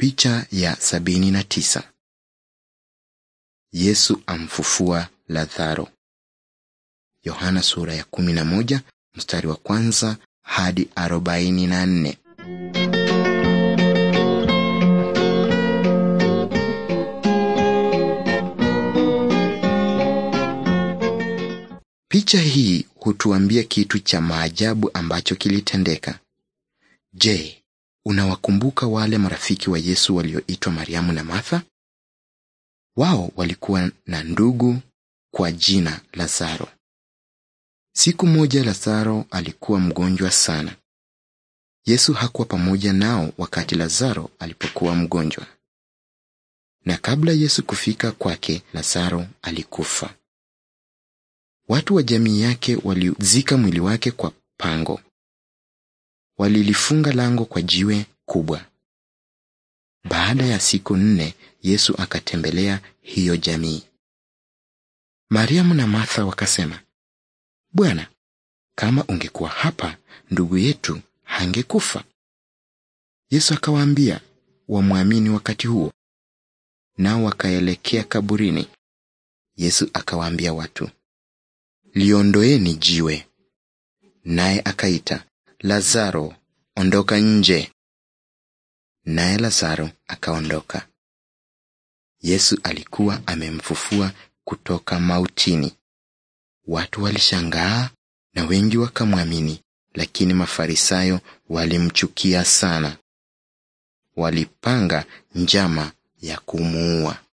Picha ya sabini na tisa. Yesu amfufua Lazaro. Yohana sura ya kumi na moja mstari wa kwanza hadi arobaini na nne. Picha hii hutuambia kitu cha maajabu ambacho kilitendeka. Je, Unawakumbuka wale marafiki wa Yesu walioitwa Mariamu na Martha? Wao walikuwa na ndugu kwa jina Lazaro. Siku moja Lazaro alikuwa mgonjwa sana. Yesu hakuwa pamoja nao wakati Lazaro alipokuwa mgonjwa. Na kabla Yesu kufika kwake, Lazaro alikufa. Watu wa jamii yake waliuzika mwili wake kwa pango walilifunga lango kwa jiwe kubwa. Baada ya siku nne, Yesu akatembelea hiyo jamii. Mariamu na Martha wakasema, Bwana, kama ungekuwa hapa, ndugu yetu hangekufa. Yesu akawaambia wamwamini wakati huo, nao wakaelekea kaburini. Yesu akawaambia watu, liondoeni jiwe. Naye akaita Lazaro, ondoka nje. Naye Lazaro akaondoka. Yesu alikuwa amemfufua kutoka mautini. Watu walishangaa na wengi wakamwamini, lakini Mafarisayo walimchukia sana. Walipanga njama ya kumuua.